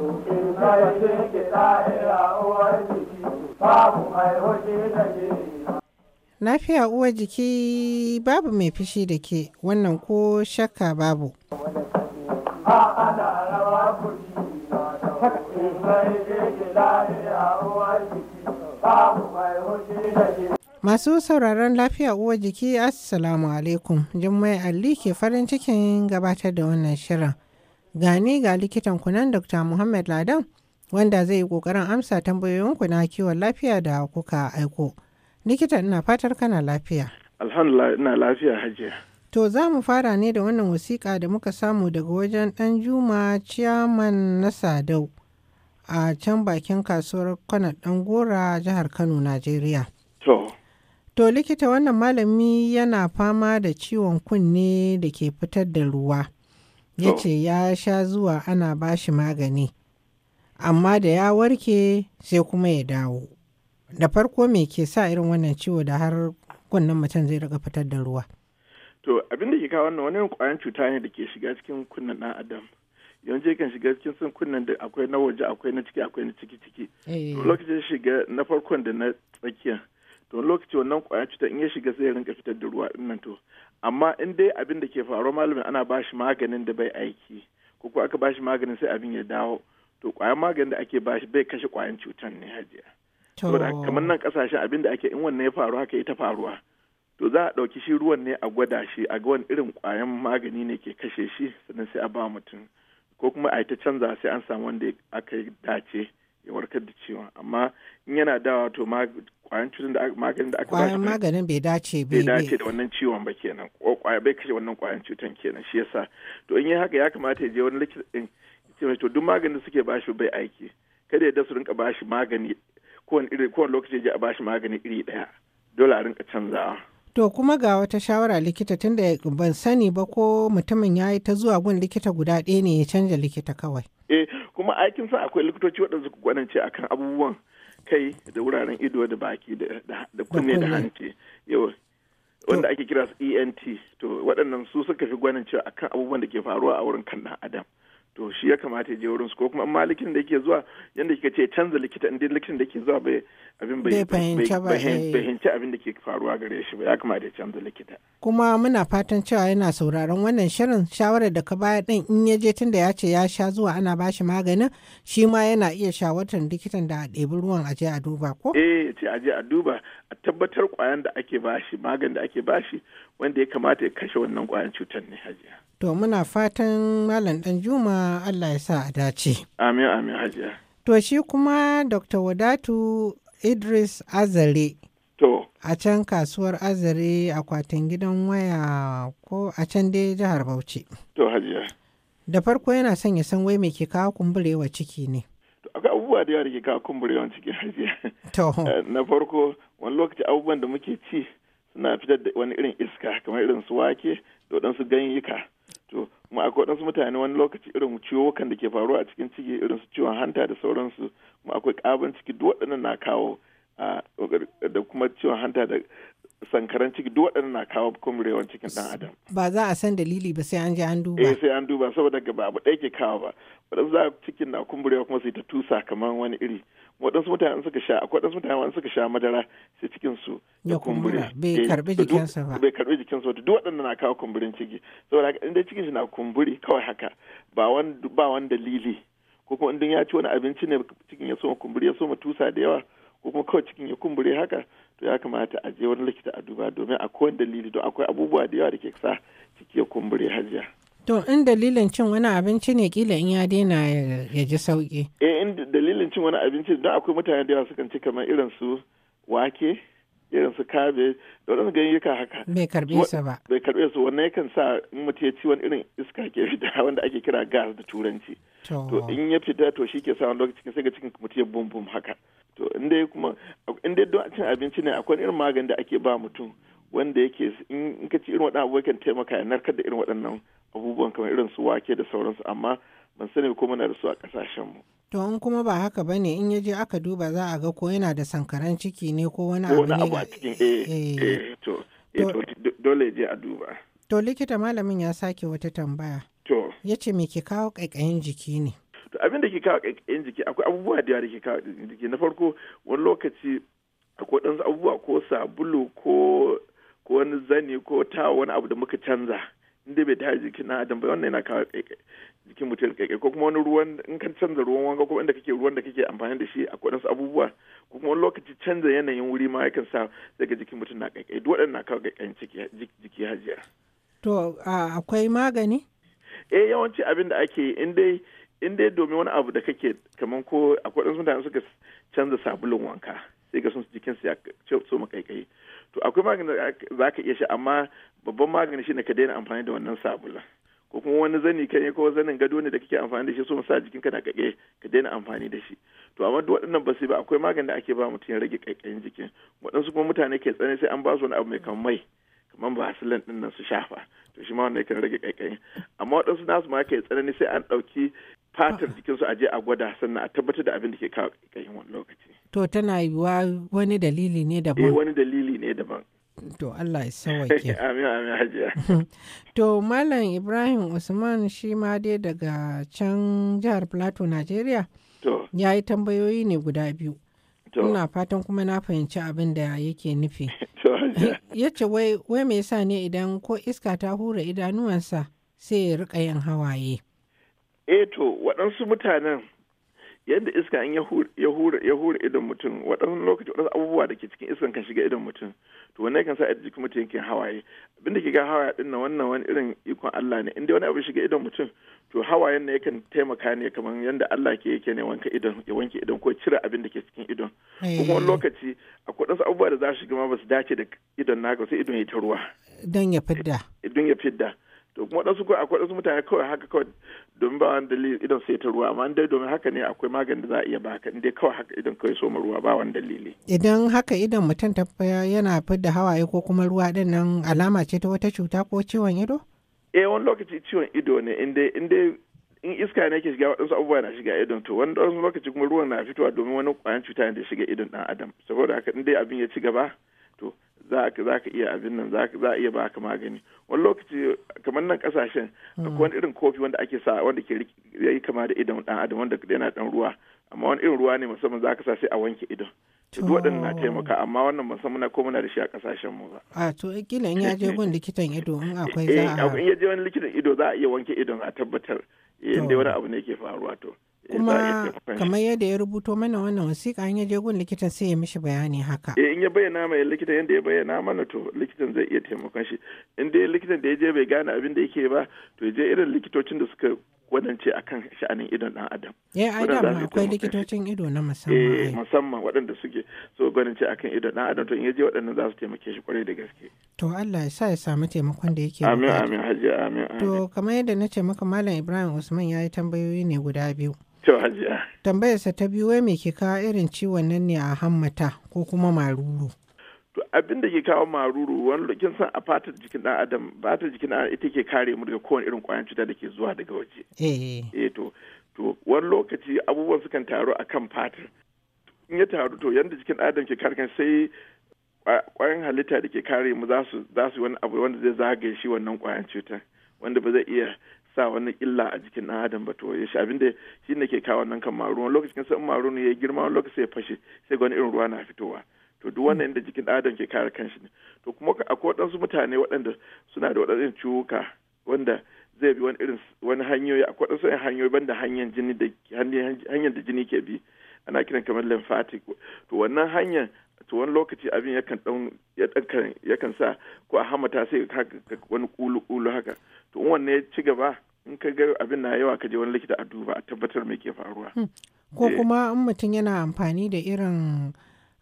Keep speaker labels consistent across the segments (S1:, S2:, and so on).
S1: na ya ke jiki babu mai
S2: da
S1: lafiya uwar jiki babu mai fishi da ke wannan ko shakka babu Masu sauraron lafiya uwa jiki Assalamu alaikum, Jummai mai ke farin cikin gabatar da wannan shirin. gani ga likitan kunan Dr. Muhammad Ladan wanda zai yi ƙoƙarin amsa tambayoyinku na kiwon lafiya da kuka aiko. Likita ina fatar kana lafiya.
S2: Alhamdulillah ina lafiya hajiya.
S1: To za mu fara ne da wannan wasiƙa da muka samu daga wajen ɗan Juma Ciyaman na Sadau a can bakin kasuwar kwanan ɗan gora jihar Kano, Najeriya. To. To likita wannan malami yana fama da ciwon kunne da ke fitar da ruwa. ya ce ya sha zuwa ana ba shi magani amma da ya warke sai kuma ya dawo da farko me ke sa irin wannan ciwo da har kunnen mutum zai riga fitar da ruwa
S2: to abin da ke kawo wannan wani kwayan cuta ne da ke shiga cikin kunnen ɗan adam yanzu yakan shiga cikin sun kunnen da akwai na waje akwai na ciki akwai na ciki ciki eh. lokacin shiga na farkon da na tsakiya to lokacin wannan kwayan cuta in ya shiga sai ya rinka fitar da ruwa din nan to amma in dai abin da ke faruwa malamin ana ba shi maganin da bai aiki ko ko aka ba shi maganin sai abin ya dawo to kwayan maganin da ake ba shi bai kashe kwayan cutar ne hajiya
S1: saboda kamar
S2: nan kasashen abin da ake in wannan ya faru haka ita faruwa to za a ɗauki shi ruwan ne a gwada shi a ga wani irin kwayan magani ne ke kashe shi sannan sai a ba mutum ko kuma a ta canza sai an samu wanda aka dace ya warkar da ciwon amma in yana dawa to kwayan cutar da maganin da aka ba kwayan
S1: maganin bai dace bai dace da
S2: wannan ciwon ba kenan ko kwaya bai kashe wannan kwayan cutan kenan shi yasa to in yi haka ya kamata ya je wani likita ce ce to duk maganin da suke bashi bai aiki kada ya su rinka bashi magani kowane iri kowane lokaci ya a bashi magani iri daya dole a rinka canzawa
S1: To kuma ga wata shawara likita tunda ban sani ba ko mutumin ya yi ta zuwa gun likita guda ɗaya ne ya canja likita kawai.
S2: Eh kuma aikin sa akwai likitoci waɗanda suka gwanance akan abubuwan kai da wuraren ido da baki da kunne da hanci yau wanda ake kira su ent to waɗannan su suka fi gwanin cewa akan abubuwan da ke faruwa a wurin kan adam to shi ya kamata ya je wurin su ko kuma amma likitan da yake zuwa yanda kika ce canza likita inda likitan da yake zuwa bai abin eh. bai fahimci abin da ke faruwa gare shi ba ya kamata ya canza likita
S1: kuma muna fatan cewa yana sauraron wannan shirin shawarar da ka baya din in ya je tunda ya ce ya sha zuwa ana bashi maganin shi ma yana iya shawartar likitan da a ɗebi ruwan aje a duba
S2: ko eh ce aje a duba a tabbatar kwayan da ake bashi magani da ake bashi wanda ya kamata ya kashe wannan kwayan cutar ne hajiya.
S1: To muna fatan Malam Dan Danjuma Allah ya sa a
S2: dace. Amin amin hajiya.
S1: To shi kuma Dr. Wadatu Idris
S2: Azare. To.
S1: A can kasuwar Azare akwatin gidan waya ko a can dai jihar Bauchi. To hajiya. Da farko yana son ya san wai me ke kawo kumburewa ciki ne.
S2: akwai abubuwa da yawa da ke kawo yawan cikin hajiya eh, na farko wani lokaci abubuwan da muke ci suna fitar da wani irin iska kamar irin su wake da waɗansu ganyika to kuma akwai waɗansu mutane wani lokaci irin ciwokan da ke faruwa a cikin ciki irin su ciwon hanta da sauransu kuma akwai ƙaban ciki duk waɗannan na kawo ah, da kuma ciwon hanta da sankaran ciki duk waɗannan na kawo kumurewan cikin ɗan adam.
S1: Ba za a san dalili ba sai an je an duba.
S2: Eh sai an duba saboda ba abu ɗaya ke kawo ba. Waɗansu za cikin na kumburewa kuma sai ta tusa kamar wani iri. Waɗansu mutane suka sha akwai waɗansu mutane suka sha madara sai cikin su ya kumbure. Eh, bai karɓi jikinsa ba. Bai karbi jikinsa ba duk waɗannan na kawo kumburin ciki. Saboda haka inda cikin shi na kumburi kawai haka ba wani ba wani dalili. Ko kuma in ya ci wani abinci ne cikin ya soma kumburi ya soma tusa da yawa. ko kuma kawai cikin ya kumbure haka to ya kamata a je wani likita a duba domin a akwai dalili don akwai abubuwa da yawa da ke sa ciki ya kumbure hajiya
S1: To in dalilin cin wani abinci ne kila in ya daina ya ji sauki.
S2: Eh in dalilin cin wani abinci don akwai mutane da yawa sukan ci kamar irin su wake irin su kabe da wadannan ganyayyaka haka bai karbe su ba bai karbe su wannan yakan sa in mutum ya ci wani irin iska ke fita wanda ake kira gas da turanci to in ya fita to shi ke sa wani lokacin sai ga cikin mutum ya bum bum haka to in dai kuma in dai don cin abinci ne akwai irin magani da ake ba mutum wanda yake in ka ci irin waɗannan abubuwa kan taimaka ya narkar da irin waɗannan abubuwan kamar irin su wake da sauransu amma ban sani ko muna da su a kasashenmu.
S1: To in kuma ba haka ba ne in ya je aka duba za a ga ko yana da sankaran ciki ne ko wani abu ne. Ko abu a cikin eh, eh. eh
S2: to eh, dole je a duba.
S1: To likita malamin ya sake wata tambaya. To. Ya ce me ke kawo ƙaiƙayin jiki ne?
S2: To abin da ke kawo ƙaiƙayin jiki akwai abubuwa da yawa da ke kawo jiki na farko wani lokaci akwai ɗansu abubuwa ko sabulu ko wani zani ko ta wani abu da muka canza. inda bai tare jikin na adam ba wannan yana kawo jikin mutum keke ko kuma wani ruwan in kan canza ruwan wanka ko inda kake ruwan da kake amfani da shi a wadansu abubuwa ko kuma wani lokaci canza yanayin wuri ma yakan sa daga jikin mutum na keke duk waɗannan na kawo keken jiki hajiya.
S1: To akwai magani?
S2: Eh yawanci abin da ake yi in dai in dai domin wani abu da kake kamar ko akwai wasu mutane suka canza sabulun wanka. sai ga sun jikinsu ya so makaikai to akwai magani da za ka iya shi amma babban magani ne ka daina amfani da wannan sabula ko kuma wani zani kan ko zanin gado ne da kake amfani da shi so sa ka na kake ka daina amfani da shi to amma duk waɗannan ba sai ba akwai magani da ake ba mutum ya rage kaikayin jikin waɗansu kuma mutane ke tsane sai an ba su wani abu mai kamar mai kamar basilin din nan su shafa to shi ma wannan yakan rage kaikayin amma waɗansu nasu ma ke tsanani sai an ɗauki fatar jikinsu a je a gwada sannan a tabbatar da abin da ke kawo kaikayin wani lokaci
S1: To tana yiwuwa wani dalili ne daban. Eh wani
S2: dalili ne daban. To Allah ya sauwake. amin amin hajiya.
S1: to Malam Ibrahim Usman shi ma dai daga can jihar Plateau Najeriya. To. Ya yi tambayoyi ne guda biyu. To. Ina fatan kuma na fahimci abin
S2: da yake nufi.
S1: ya ce wai wai me yasa ne idan ko iska ta hura idanuwansa sai ya rika yin hawaye.
S2: Eh to waɗansu mutanen yadda iska in ya hura idon mutum waɗannan lokaci waɗansu abubuwa da ke cikin iskan kan shiga idon mutum to wannan kan sa a jikin mutum yake hawaye abin da ke ga hawaye din wannan wani irin ikon Allah ne inda wani abu shiga idon mutum to hawayen ne yakan taimaka ne kamar yadda Allah ke yake ne wanka idan ya wanke idon ko cire abin da ke cikin idon kuma wani eh. lokaci akwai wasu abubuwa da za su shiga ma ba su dace da idon naka sai idon ya ta ruwa
S1: don ya fidda
S2: don ya fidda to kuma wadansu kawai akwai wasu mutane kawai haka kawai domin ba wani dalili idan sai ta ruwa amma dai domin haka ne akwai magani da za a iya baka in dai kawai haka idan kawai soma ruwa ba wani dalili.
S1: idan haka idan mutum ta yana fidda hawaye ko kuma ruwa din nan alama ce ta wata cuta ko ciwon ido.
S2: eh wani lokaci ciwon ido ne in dai in dai in iska ne ke shiga waɗansu abubuwa na shiga idon to wani ɗansu lokaci kuma ruwan na fitowa domin wani ƙwayan cuta ne da shiga idon ɗan adam saboda haka in dai abin ya ci gaba za ka iya abin nan za iya iya ka magani wani lokaci kamar nan kasashen hmm. akwai wani irin kofi wanda ake sa wanda ke yi kama da idon dan adam wanda yana dan ruwa amma wani irin ruwa ne musamman za ka sa sai a wanke idon duk waɗannan na taimaka amma wannan musamman ko muna da shi a kasashen mu ba
S1: a to kila in ya je gun likitan ido in akwai eh, za a in
S2: ya je wani likitan ido za a iya wanke idon a tabbatar eh, inda wani abu ne ke faruwa to kuma kamar
S1: yadda ya rubuto mana wannan wasiƙa an je gun likitan sai ya mishi bayani haka
S2: eh in ya bayyana mai likitan yadda ya bayyana mana to likitan zai iya taimakon shi in dai likitan da ya je bai gane abin da yake ba to ya je irin likitocin da suka wadance akan sha'anin idon dan adam eh aida ma akwai likitocin
S1: ido na musamman eh
S2: musamman waɗanda suke so gwanince akan idon dan adam to in ya je waɗannan za su taimake shi kwarai da gaske
S1: to Allah ya sa ya samu taimakon da yake amin amin
S2: hajji amin to
S1: kamar yadda na ce maka malam Ibrahim Usman ya yi tambayoyi ne guda biyu To hajiya. Tambayarsa ta biyu wai me ke kawo irin ciwon nan ne a hammata ko kuma maruru?
S2: To abin da ke kawo maruru wani lokacin san a fatar jikin ɗan adam fatar jikin ɗan ita ke kare mu daga kowane irin ƙwayan cuta da ke zuwa daga waje. Eh. Eh to to wani lokaci abubuwan sukan taru a kan fatar. In ya taru to yadda jikin ɗan adam ke kare sai ƙwayan halitta da ke kare mu za su wani abu wanda zai zagaye shi wannan ƙwayan cuta wanda ba zai iya sa wani illa a jikin ɗan adam ba to ya shi abinda shi ne ke kawo wannan kan maruwa lokacin kan maruwa ne ya girma wani lokacin ya fashe sai ga wani irin ruwa na fitowa to duk wannan inda jikin ɗan adam ke kare kanshi ne to kuma akwai waɗansu mutane waɗanda suna da waɗansu ciwuka wanda zai bi wani irin wani hanyoyi akwai waɗansu irin hanyoyi banda hanyar jini da hanyar da jini ke bi ana kiran kamar lymphatic to wannan hanyar to wani lokaci abin yakan dan yakan sa ko a hamata sai ka wani kulu kulu haka to in wannan ya ci gaba in ka ga abin na yawa ka je wani likita a duba a tabbatar me ke faruwa hmm. ko eh.
S1: kuma in mutum yana amfani da irin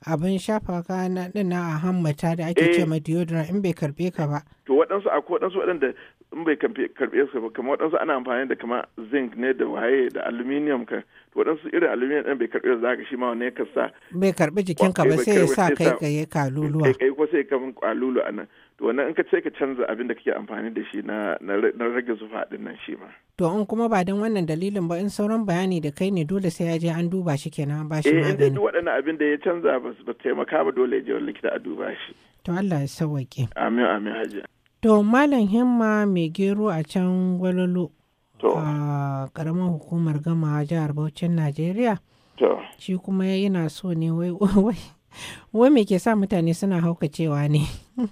S1: abin shafa ka na dina a hammata da ake ce eh. ma deodorant in bai karbe ka ba
S2: to waɗansu akwai waɗansu waɗanda in bai karbe su ba kamar waɗansu ana amfani da kama zinc ne da waye da aluminium ka waɗansu irin aluminium ɗin bai karbe za ka shi ma wani ka sa
S1: bai karbe jikin ka ba sai ya sa kai ka yi
S2: kaluluwa kai kai ko sai ka min kalulu anan to wannan in ka ce ka canza abin da kake amfani da shi na na rage zufa din nan shi ma
S1: to in kuma ba dan wannan dalilin ba in sauran bayani da kai ne dole sai ya je an duba shi kenan ba shi eh, magani eh
S2: duk waɗannan abin da ya canza ba taimaka ba dole ya je wani likita a duba shi
S1: to Allah ya sauwaƙe
S2: amin amin hajiya
S1: To Malam Himma mai gero a can gwalolo a ƙaramin hukumar gama jihar Bauchin Najeriya. Shi kuma yana so ne wai wai wai me ke sa mutane suna haukacewa ne.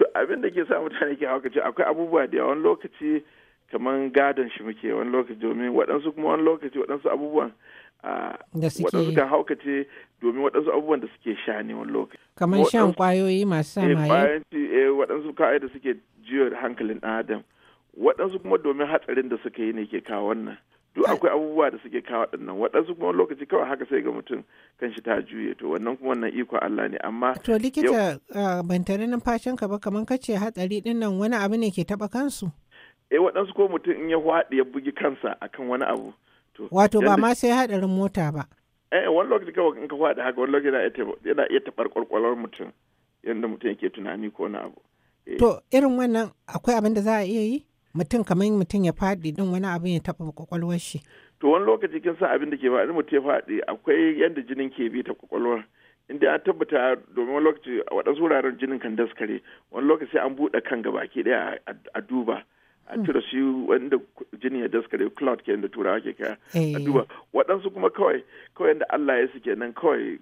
S2: To abin da ke sa mutane ke haukace akwai abubuwa da wani lokaci kamar gadon shi muke wani lokaci domin waɗansu kuma wani lokaci waɗansu abubuwan waɗansu kan haukace domin waɗansu abubuwan da suke sha ne wani lokaci.
S1: Kamar shan kwayoyi masu samaye?
S2: Eh, eh, waɗansu kawai da suke jiyo hankalin ɗan adam. Waɗansu kuma domin hatsarin da suka yi ne ke kawo wannan. Duk akwai abubuwa da suke kawo waɗannan waɗansu kuma wani lokaci kawai haka sai ga mutum kan shi ta juye to wannan kuma wannan iko Allah ne amma. To likita
S1: ban tare ka ba kamar kace hatsari ɗin nan wani abu ne ke taɓa kansu?
S2: Eh waɗansu ko mutum in ya hwaɗe ya bugi kansa akan wani abu. Wato ba ma sai
S1: haɗarin mota ba.
S2: Eh wani lokaci kawai in ka faɗi haka wani lokaci yana iya taɓar ƙwarƙwarar mutum yadda mutum yake tunani ko na abu. Eh. To
S1: irin wannan akwai abin da za a iya yi? Mutum kamar mutum ya faɗi don wani abin ya taɓa ƙwaƙwalwar shi.
S2: To wani lokaci kin san abin da ke faɗi, mutum ya faɗi akwai yadda jinin ke bi ta ƙwaƙwalwar. inda an tabbata domin wani lokaci a waɗansu wuraren jinin kan daskare wani lokaci an buɗe kan gabaki ɗaya a duba an cire shi wanda jini ya daskare cloud ke da turawa ke kaya a eh. duba waɗansu kuma kawai kawai da Allah ya suke nan kawai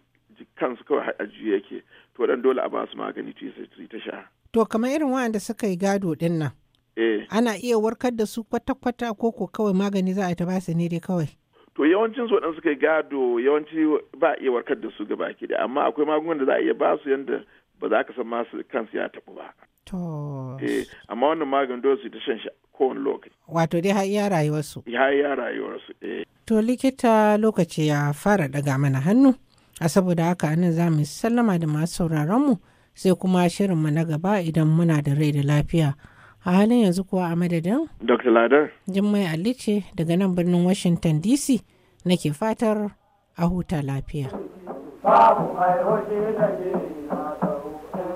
S2: kansu kawai a juye yake to dan dole a ba su magani su ta sha.
S1: To kamar irin waɗanda suka yi gado ɗin nan. Eh. Ana iya warkar da su kwata-kwata ko ko kawai magani za a ta ba su ne dai kawai.
S2: to yawancin su waɗansu kai gado yawanci ba a iya warkar da su gaba da amma akwai magungunan da za a iya ba su yadda ba za ka san masu kansu ya taɓu ba.
S1: To. Eh,
S2: amma wannan maganin dole su ta shan shi kowane lokaci.
S1: Wato dai har iya rayuwarsu.
S2: Ya iya rayuwarsu. Eh.
S1: To likita lokaci ya fara daga mana hannu. A saboda haka anan za mu sallama da masu sauraronmu sai kuma shirinmu na gaba idan muna da rai da lafiya. A halin yanzu kuwa a madadin?
S2: Dr. Ladar.
S1: Jummai Ali ce daga nan birnin Washington DC nake fatar a huta lafiya. Babu mai hoji
S2: da